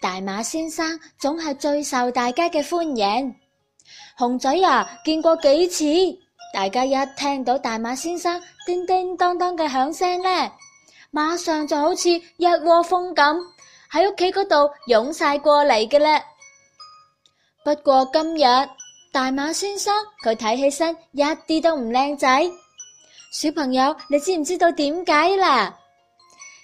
大馬先生總係最受大家嘅歡迎，熊仔啊，見過幾次？大家一聽到大馬先生叮叮噹噹嘅響聲呢，馬上就好似一窩蜂咁喺屋企嗰度湧晒過嚟嘅咧。不過今日大馬先生佢睇起身一啲都唔靚仔，小朋友你知唔知道點解啦？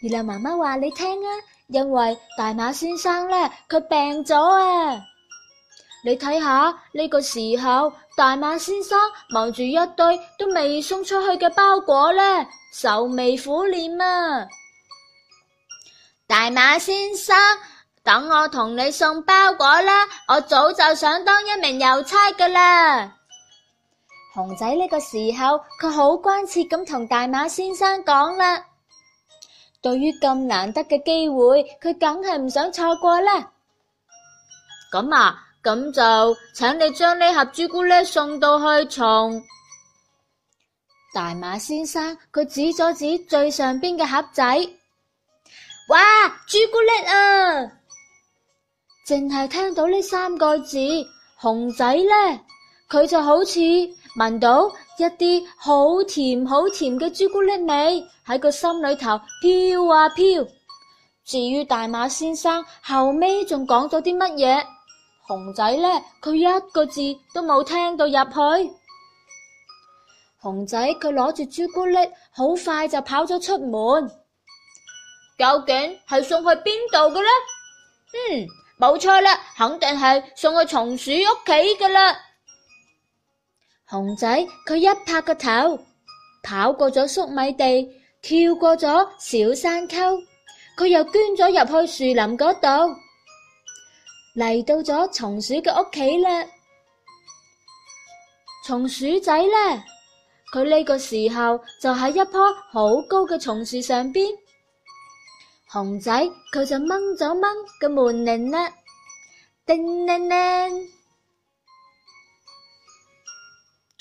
月亮媽媽話你聽啊。因為大馬先生呢，佢病咗啊！你睇下呢個時候，大馬先生望住一堆都未送出去嘅包裹呢，愁眉苦臉啊！大馬先生，等我同你送包裹啦！我早就想當一名郵差㗎喇！熊仔呢個時候，佢好關切咁同大馬先生講啦。對於咁難得嘅機會，佢梗係唔想錯過啦。咁啊，咁就請你將呢盒朱古力送到去從大馬先生。佢指咗指最上邊嘅盒仔。哇，朱古力啊！淨係聽到呢三個字，熊仔呢，佢就好似聞到一啲好甜好甜嘅朱古力味喺個心裏頭飄啊飄。至於大馬先生後尾仲講咗啲乜嘢，熊仔呢，佢一個字都冇聽到入去。熊仔佢攞住朱古力，好快就跑咗出門。究竟係送去邊度嘅呢？嗯，冇錯啦，肯定係送去松鼠屋企嘅啦。熊仔佢一拍個頭，跑過咗粟米地，跳過咗小山溝，佢又捐咗入去樹林嗰度，嚟到咗松鼠嘅屋企啦。松鼠仔咧，佢呢個時候就喺一棵好高嘅松樹上邊，熊仔佢就掹咗掹個門鈴啦，叮鈴鈴。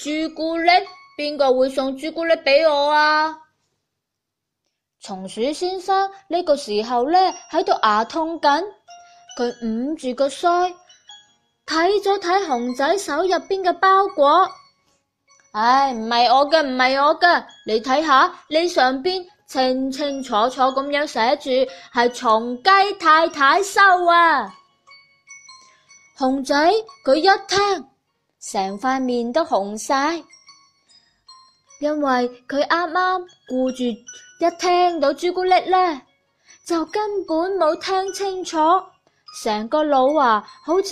朱古力，邊個會送朱古力俾我啊？松鼠先生呢個時候呢，喺度牙痛緊，佢捂住個腮，睇咗睇熊仔手入邊嘅包裹。唉、哎，唔係我嘅，唔係我嘅，你睇下，你上邊清清楚楚咁樣寫住係松雞太太收啊！熊仔佢一聽。成塊面都紅晒，因為佢啱啱顧住一聽到朱古力呢，就根本冇聽清楚，成個腦、呃、啊，好似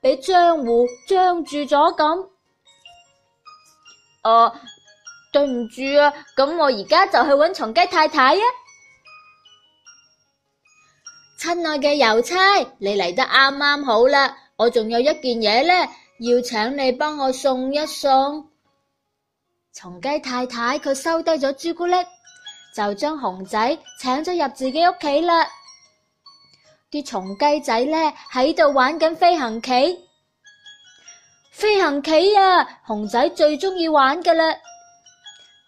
俾漿糊漿住咗咁。哦，對唔住啊，咁我而家就去揾松雞太太啊！親愛嘅郵差，你嚟得啱啱好啦，我仲有一件嘢呢。要請你幫我送一送，松雞太太佢收低咗朱古力，就將熊仔請咗入自己屋企啦。啲松雞仔呢，喺度玩緊飛行棋，飛行棋啊，熊仔最中意玩噶啦。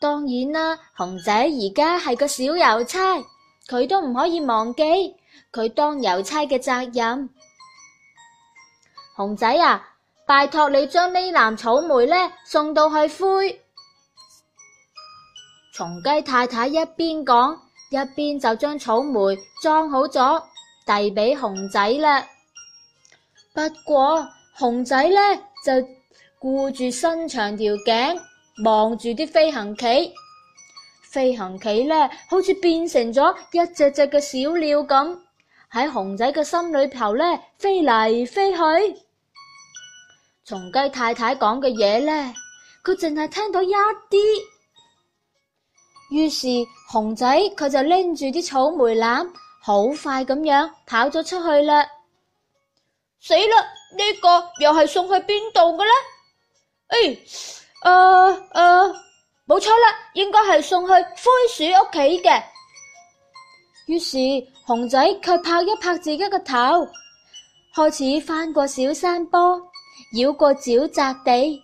當然啦，啊，熊仔而家係個小郵差，佢都唔可以忘記佢當郵差嘅責任。熊仔啊！拜託你將呢籃草莓呢，送到去灰松雞太太。一邊講一邊就將草莓裝好咗遞俾熊仔啦。不過熊仔呢就顧住伸長條頸望住啲飛行棋，飛行棋呢好似變成咗一隻隻嘅小鳥咁喺熊仔嘅心裏頭呢飛嚟飛去。松雞太太講嘅嘢呢，佢淨係聽到一啲。於是熊仔佢就拎住啲草莓籃，好快咁樣跑咗出去啦。死啦！呢個又係送去邊度嘅呢？誒、哎、誒，呃呃，冇錯啦，應該係送去灰鼠屋企嘅。於是熊仔佢拍一拍自己個頭，開始翻過小山坡。繞過沼澤地，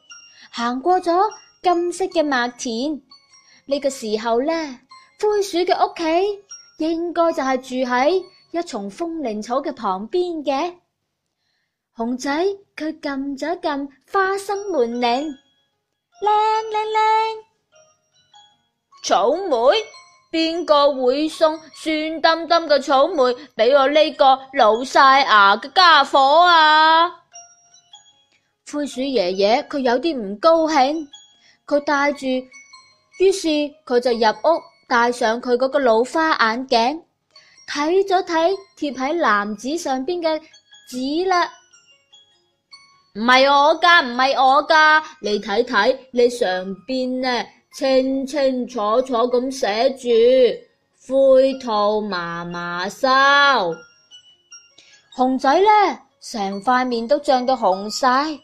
行過咗金色嘅麥田，呢個時候呢，灰鼠嘅屋企應該就係住喺一叢風鈴草嘅旁邊嘅。熊仔佢撳咗一撳花生門鈴，靚靚靚！草莓，邊個會送酸噉噉嘅草莓俾我呢個老晒牙嘅家伙啊？灰鼠爺爺佢有啲唔高興，佢戴住，於是佢就入屋戴上佢嗰個老花眼鏡，睇咗睇貼喺籃子上邊嘅紙啦，唔係我噶，唔係我噶，你睇睇你上邊呢，清清楚楚咁寫住灰兔媽媽收，熊仔呢成塊面都漲到紅晒。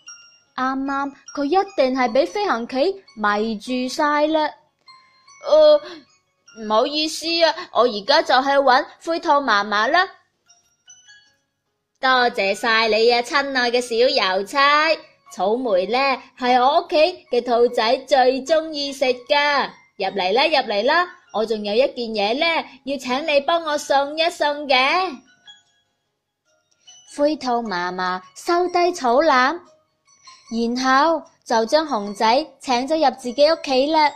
啱啱佢一定係俾飛行棋迷住晒啦！誒，唔好意思啊，我而家就去搵灰兔嫲嫲啦。多謝晒你啊，親愛嘅小郵差！草莓呢係我屋企嘅兔仔最中意食噶，入嚟啦，入嚟啦！我仲有一件嘢呢要請你幫我送一送嘅。灰兔嫲嫲收低草籃。然後就將熊仔請咗入自己屋企啦。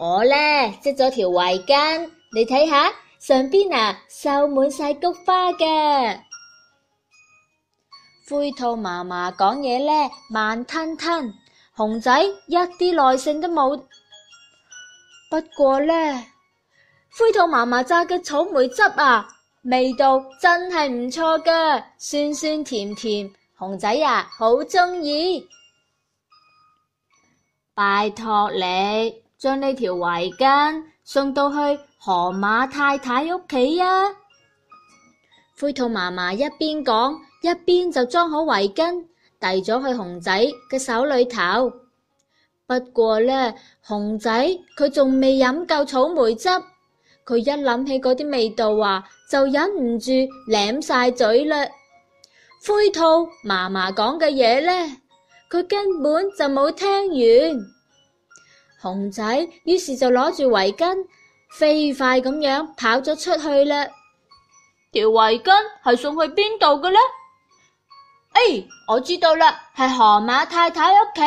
我呢，織咗條圍巾，你睇下上邊啊繡滿晒菊花嘅。灰兔嫲嫲講嘢呢，慢吞吞，熊仔一啲耐性都冇。不過呢，灰兔嫲嫲榨嘅草莓汁啊，味道真係唔錯㗎，酸酸甜甜。熊仔啊，好鍾意！拜託你將呢條圍巾送到去河馬太太屋企呀。灰兔媽媽一邊講，一邊就裝好圍巾，遞咗去熊仔嘅手裏頭。不過呢，熊仔佢仲未飲夠草莓汁，佢一諗起嗰啲味道啊，就忍唔住舐晒嘴嘞。灰兔嫲嫲講嘅嘢呢，佢根本就冇聽完。熊仔於是就攞住圍巾，飛快咁樣跑咗出去啦。條圍巾係送去邊度嘅呢？哎，我知道啦，係河馬太太屋企。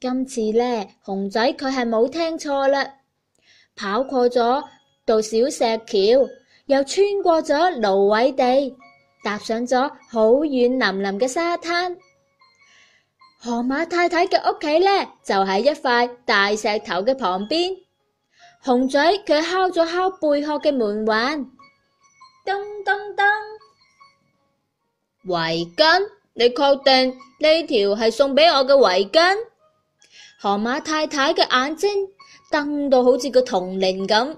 今次呢，熊仔佢係冇聽錯啦，跑過咗度小石橋，又穿過咗蘆葦地。踏上咗好軟腍腍嘅沙灘，河馬太太嘅屋企呢，就喺、是、一塊大石頭嘅旁邊。熊仔佢敲咗敲貝殼嘅門環，噔噔噔，圍巾，你確定呢條係送俾我嘅圍巾？河馬太太嘅眼睛瞪到好似個銅鈴咁。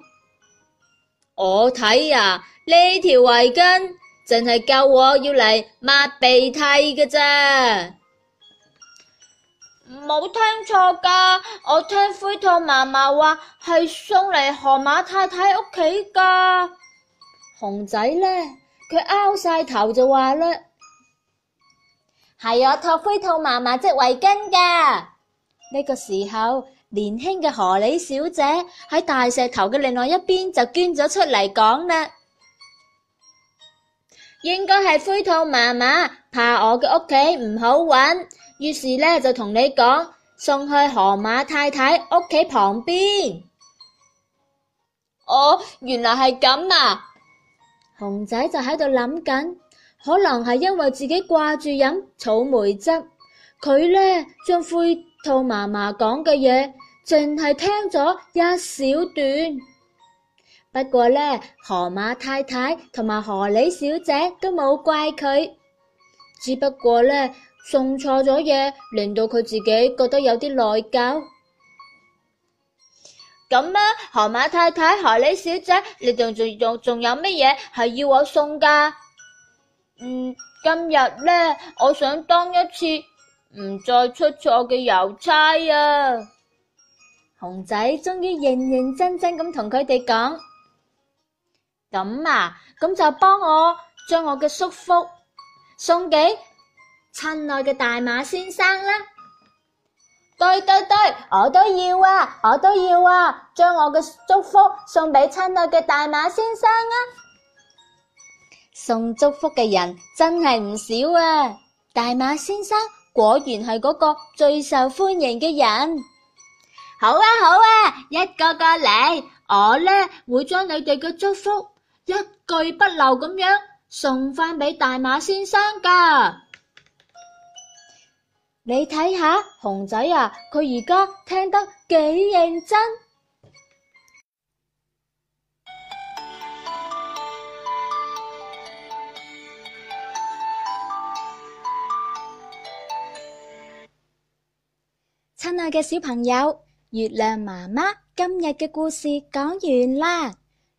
我睇啊，呢條圍巾。淨係教我要嚟抹鼻涕嘅啫，冇聽錯噶，我聽灰兔嫲嫲話係送嚟河馬太太屋企噶。熊仔呢，佢拗晒頭就話啦，係我託灰兔嫲嫲織圍巾噶。呢個時候，年輕嘅河狸小姐喺大石頭嘅另外一邊就捐咗出嚟講啦。應該係灰兔媽媽怕我嘅屋企唔好揾，於是呢，就同你講送去河馬太太屋企旁邊。哦，原來係咁啊！熊仔就喺度諗緊，可能係因為自己掛住飲草莓汁，佢呢，將灰兔媽媽講嘅嘢淨係聽咗一小段。不過呢，河馬太太同埋河狸小姐都冇怪佢，只不過呢，送錯咗嘢，令到佢自己覺得有啲內疚。咁啊，河馬太太、河狸小姐，你仲仲仲有乜嘢係要我送噶？嗯，今日呢，我想當一次唔再出錯嘅郵差啊！熊仔終於認認真真咁同佢哋講。咁啊，咁就幫我將我嘅祝福送俾親愛嘅大馬先生啦。對對對，我都要啊，我都要啊，將我嘅祝福送俾親愛嘅大馬先生啊。送祝福嘅人真係唔少啊，大馬先生果然係嗰個最受歡迎嘅人。好啊，好啊，一個個嚟，我呢會將你哋嘅祝福。一句不留咁樣送返俾大馬先生噶，你睇下熊仔啊，佢而家聽得幾認真。親愛嘅小朋友，月亮媽媽今日嘅故事講完啦。